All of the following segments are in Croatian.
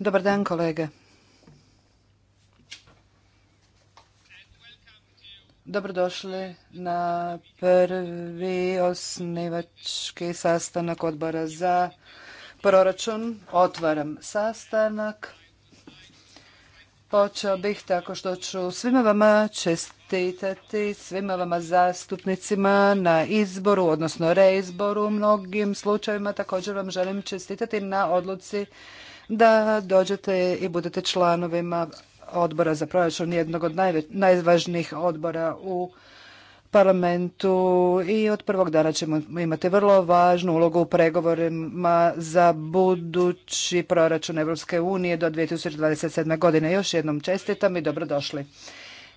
Dobar dan kolege. Dobrodošli na prvi osnivački sastanak odbora za proračun. Otvaram sastanak. Počeo bih tako što ću svima vama čestitati, svima vama zastupnicima na izboru, odnosno reizboru u mnogim slučajevima. Također vam želim čestitati na odluci da dođete i budete članovima odbora za proračun, jednog od najvažnijih odbora u parlamentu i od prvog dana ćemo imati vrlo važnu ulogu u pregovorima za budući proračun Europske unije do 2027. godine. Još jednom čestitam i dobrodošli.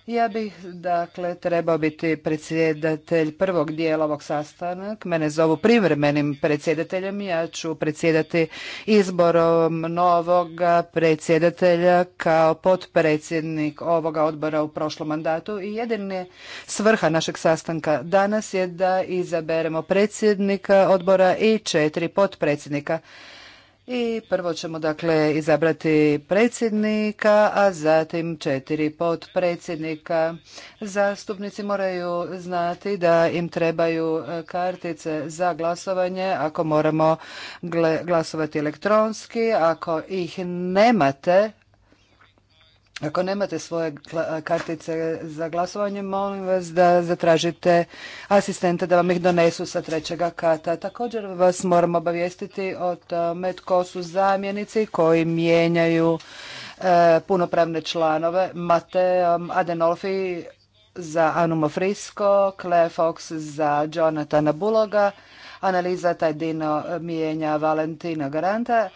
Ja bih, dakle, trebao biti predsjedatelj prvog dijela ovog sastanak. Mene zovu privremenim predsjedateljem. Ja ću predsjedati izborom novog predsjedatelja kao potpredsjednik ovoga odbora u prošlom mandatu. I jedina svrha našeg sastanka danas je da izaberemo predsjednika odbora i četiri potpredsjednika. I prvo ćemo dakle izabrati predsjednika, a zatim četiri potpredsjednika. Zastupnici moraju znati da im trebaju e, kartice za glasovanje ako moramo glasovati elektronski. Ako ih nemate, ako nemate svoje kartice za glasovanje, molim vas da zatražite asistente da vam ih donesu sa trećega kata. Također vas moram obavijestiti o tome tko su zamjenici koji mijenjaju e, punopravne članove. Mate Adenolfi za Anumo Frisco, Claire Fox za Jonathana Buloga, Analiza Tajdino mijenja Valentina Garanta,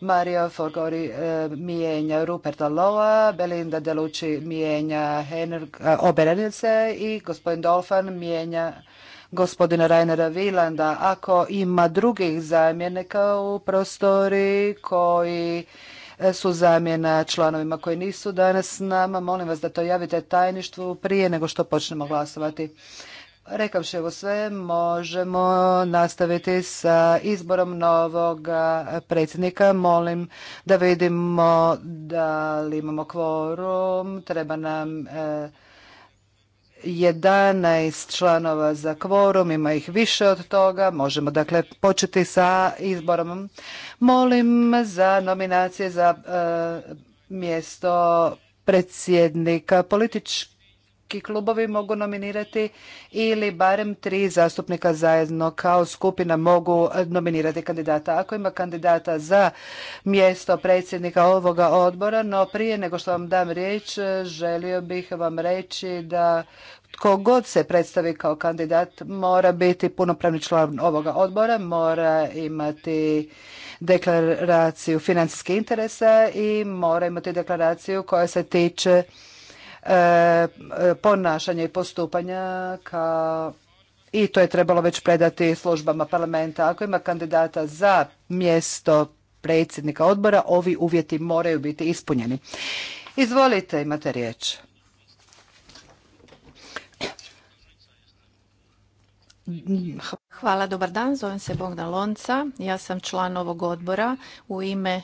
Mario Forgori eh, mijenja Ruperta Loa, Belinda Delucci mijenja eh, Oberenice i gospodin Dolfan mijenja gospodina Rainera Vilanda. Ako ima drugih zamjenika u prostori koji eh, su zamjena članovima koji nisu danas s nama, molim vas da to javite tajništvu prije nego što počnemo glasovati. Rekavši ovo sve, možemo nastaviti sa izborom novog predsjednika. Molim da vidimo da li imamo kvorum. Treba nam 11 eh, članova za kvorum, ima ih više od toga. Možemo dakle početi sa izborom. Molim za nominacije za eh, mjesto predsjednika političke klubovi mogu nominirati ili barem tri zastupnika zajedno kao skupina mogu eh, nominirati kandidata. Ako ima kandidata za mjesto predsjednika ovoga odbora, no prije nego što vam dam riječ, eh, želio bih vam reći da tko god se predstavi kao kandidat mora biti punopravni član ovoga odbora, mora imati deklaraciju financijskih interesa i mora imati deklaraciju koja se tiče E, ponašanja i postupanja ka i to je trebalo već predati službama parlamenta. Ako ima kandidata za mjesto predsjednika odbora, ovi uvjeti moraju biti ispunjeni. Izvolite, imate riječ. Hvala, dobar dan. Zovem se Bogdan Lonca. Ja sam član ovog odbora u ime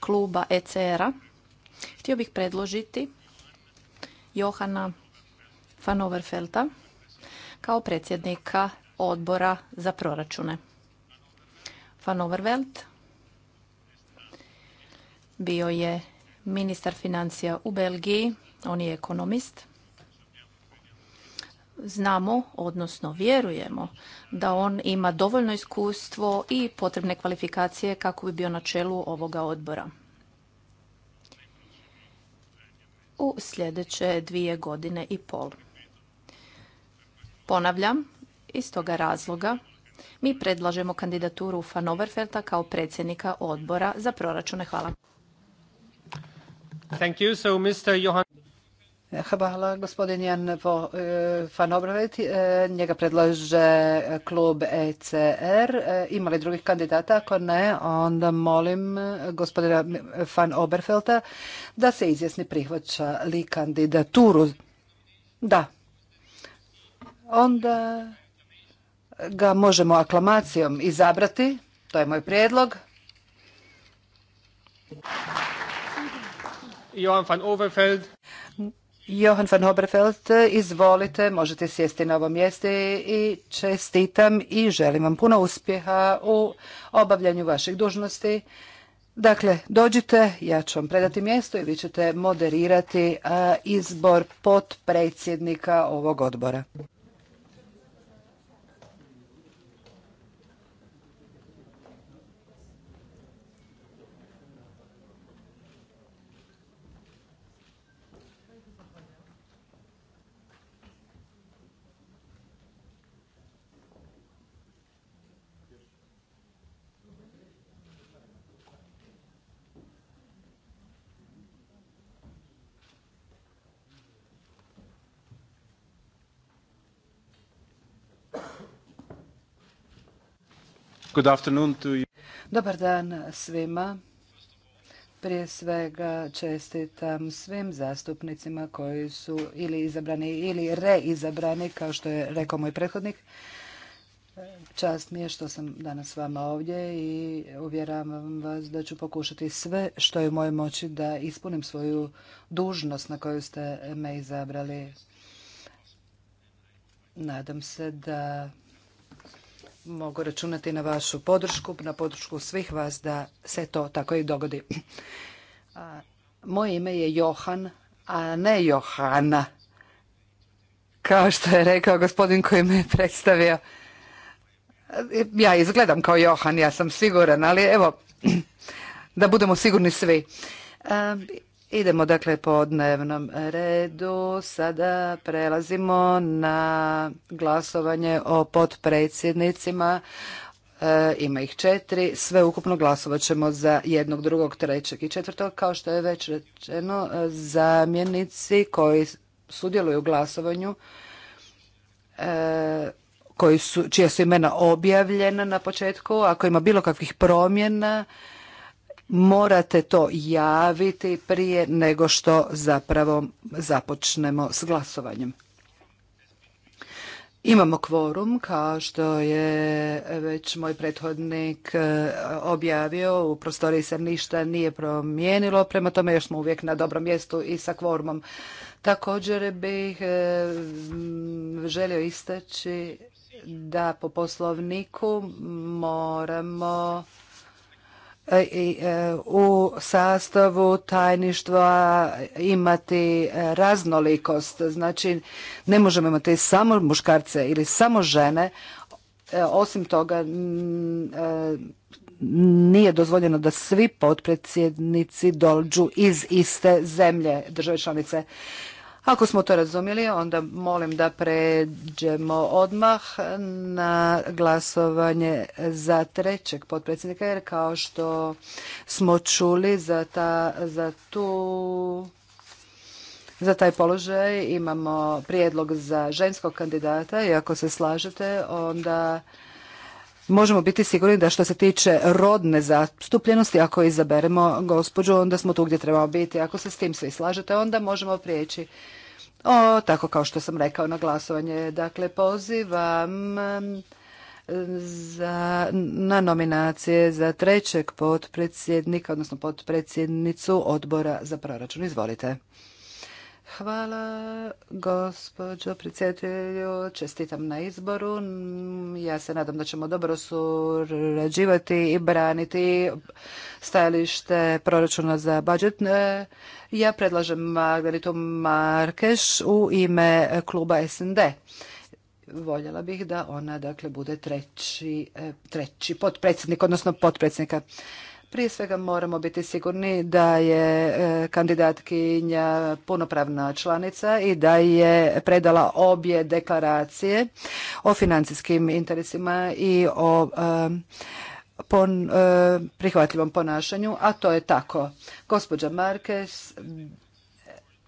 kluba ECR-a. Htio bih predložiti Johana Fanoverfelta kao predsjednika odbora za proračune. Fanovervelt bio je ministar financija u Belgiji, on je ekonomist. Znamo, odnosno vjerujemo, da on ima dovoljno iskustvo i potrebne kvalifikacije kako bi bio na čelu ovoga odbora. u sljedeće dvije godine i pol. Ponavljam, iz toga razloga mi predlažemo kandidaturu Van Overfelta kao predsjednika odbora za proračune. Hvala. Hvala gospodin Jan e, Obravet. E, njega predlaže klub ECR. E, ima li drugih kandidata? Ako ne, onda molim gospodina Van Oberfelta da se izjasni prihvaća li kandidaturu. Da. Onda ga možemo aklamacijom izabrati. To je moj prijedlog. Johan van Johan van Oberfeld, izvolite, možete sjesti na ovo mjesto i čestitam i želim vam puno uspjeha u obavljanju vaših dužnosti. Dakle, dođite, ja ću vam predati mjesto i vi ćete moderirati izbor potpredsjednika ovog odbora. Dobar dan svima. Prije svega čestitam svim zastupnicima koji su ili izabrani ili reizabrani, kao što je rekao moj prethodnik. Čast mi je što sam danas s vama ovdje i uvjeravam vas da ću pokušati sve što je u mojoj moći da ispunim svoju dužnost na koju ste me izabrali. Nadam se da mogu računati na vašu podršku, na podršku svih vas da se to tako i dogodi. Moje ime je Johan, a ne Johana. Kao što je rekao gospodin koji me predstavio. Ja izgledam kao Johan, ja sam siguran, ali evo, da budemo sigurni svi. Idemo dakle po dnevnom redu. Sada prelazimo na glasovanje o potpredsjednicima. E, ima ih četiri. Sve ukupno glasovat ćemo za jednog, drugog, trećeg i četvrtog. Kao što je već rečeno, zamjenici koji sudjeluju u glasovanju e, koji su, čija su imena objavljena na početku, ako ima bilo kakvih promjena, morate to javiti prije nego što zapravo započnemo s glasovanjem. Imamo kvorum, kao što je već moj prethodnik e, objavio, u prostoriji se ništa nije promijenilo, prema tome još smo uvijek na dobrom mjestu i sa kvorumom. Također bih e, želio istaći da po poslovniku moramo E, e, u sastavu tajništva imati e, raznolikost. Znači, ne možemo imati samo muškarce ili samo žene. Osim toga, nije dozvoljeno da svi potpredsjednici dođu iz iste zemlje države članice. Ako smo to razumjeli, onda molim da pređemo odmah na glasovanje za trećeg potpredsjednika, jer kao što smo čuli za, ta, za tu za taj položaj imamo prijedlog za ženskog kandidata i ako se slažete onda možemo biti sigurni da što se tiče rodne zastupljenosti, ako izaberemo gospođu, onda smo tu gdje trebamo biti. Ako se s tim svi slažete, onda možemo prijeći. O, tako kao što sam rekao na glasovanje. Dakle, pozivam za, na nominacije za trećeg potpredsjednika, odnosno potpredsjednicu odbora za proračun. Izvolite. Hvala gospođo predsjedatelju, čestitam na izboru. Ja se nadam da ćemo dobro surađivati i braniti stajalište proračuna za budžet. Ja predlažem Magdalitu Markeš u ime kluba SND. Voljela bih da ona dakle bude treći, treći potpredsjednik, odnosno potpredsjednika. Prije svega moramo biti sigurni da je e, kandidatkinja punopravna članica i da je predala obje deklaracije o financijskim interesima i o e, pon, e, prihvatljivom ponašanju, a to je tako. Gospođa Markes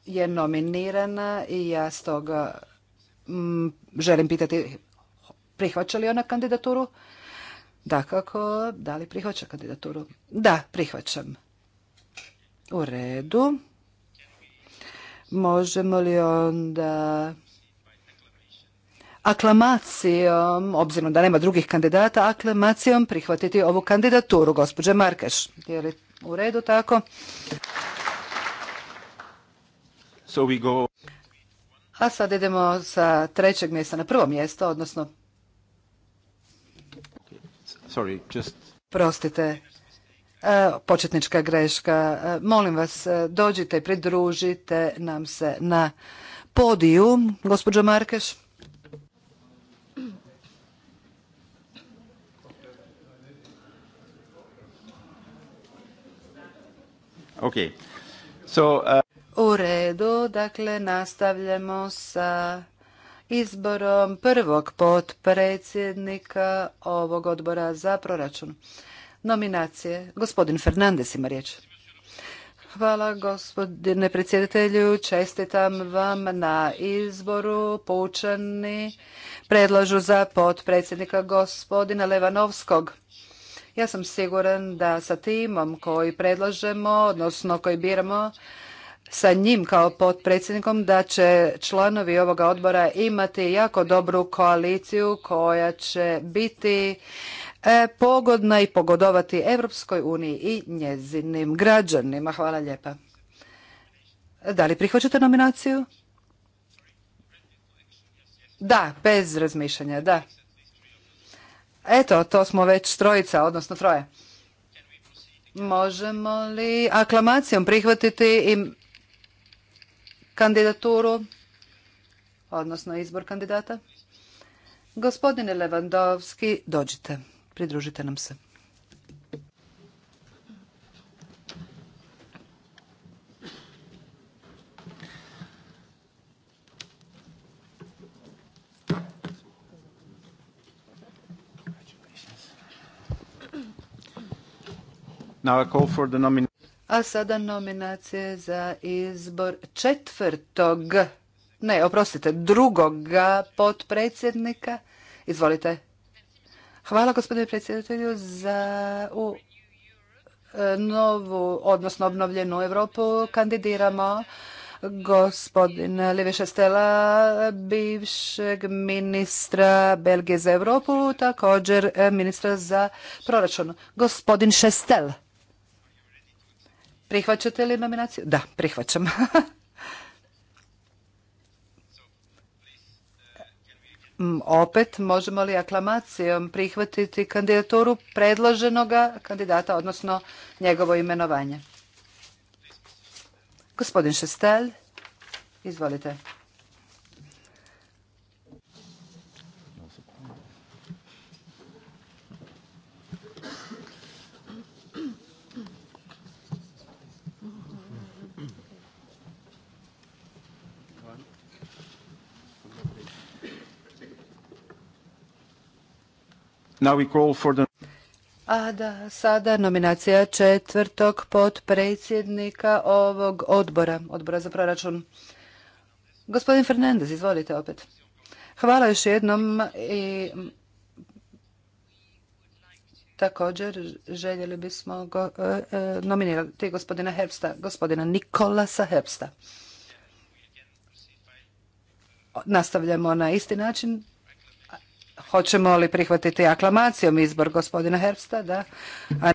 je nominirana i ja stoga želim pitati prihvaća li ona kandidaturu? kako? da li prihvaća kandidaturu? Da, prihvaćam. U redu. Možemo li onda aklamacijom, obzirom da nema drugih kandidata, aklamacijom prihvatiti ovu kandidaturu, gospođe Markeš. Je li u redu tako? A sad idemo sa trećeg mjesta na prvo mjesto, odnosno Prostite, e, početnička greška. E, molim vas, e, dođite i pridružite nam se na podiju, gospođo Markeš. Uh- U redu, dakle nastavljamo sa izborom prvog potpredsjednika ovog odbora za proračun. Nominacije. Gospodin Fernandez ima riječ. Hvala gospodine predsjedatelju. Čestitam vam na izboru. poučeni predlažu za potpredsjednika gospodina Levanovskog. Ja sam siguran da sa timom koji predlažemo, odnosno koji biramo, sa njim kao potpredsjednikom da će članovi ovoga odbora imati jako dobru koaliciju koja će biti e, pogodna i pogodovati Europskoj uniji i njezinim građanima. Hvala lijepa. Da li prihvaćate nominaciju? Da, bez razmišljanja, da. Eto, to smo već trojica, odnosno troje. Možemo li aklamacijom prihvatiti i kandidaturu, odnosno izbor kandidata. Gospodine Levandovski, dođite, pridružite nam se. Now I call for the a sada nominacije za izbor četvrtog, ne, oprostite, drugoga potpredsjednika. Izvolite. Hvala gospodine predsjedatelju za u e, novu, odnosno obnovljenu Europu kandidiramo gospodin Liviša Stela, bivšeg ministra Belgije za Europu, također e, ministra za proračun. Gospodin Šestel. Prihvaćate li nominaciju? Da, prihvaćam. Mm, opet, možemo li aklamacijom prihvatiti kandidaturu predloženoga kandidata, odnosno njegovo imenovanje? Gospodin Šestelj, izvolite. A da, sada nominacija četvrtog potpredsjednika ovog odbora, odbora za proračun. Gospodin Fernandez, izvolite opet. Hvala još jednom i također željeli bismo e, e, nominirati gospodina Herbsta, gospodina Nikolasa Herbsta. Nastavljamo na isti način. Hoćemo li prihvatiti aklamacijom izbor gospodina Herbsta? Da. Uh,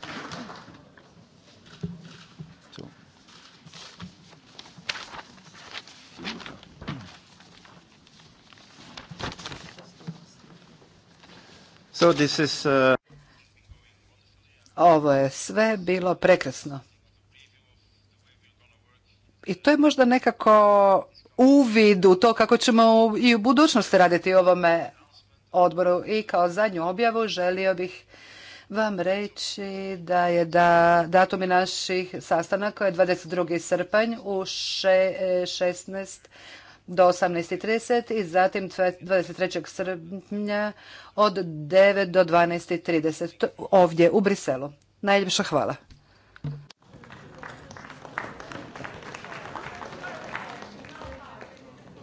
Ovo je sve bilo prekrasno. I to je možda nekako uvid u to kako ćemo i u budućnosti raditi ovome odboru. I kao zadnju objavu želio bih vam reći da je da, datumi naših sastanaka je 22. srpanj u 16 do 18.30 i zatim 23. srpnja od 9 do 12.30 ovdje u Briselu. Najljepša hvala.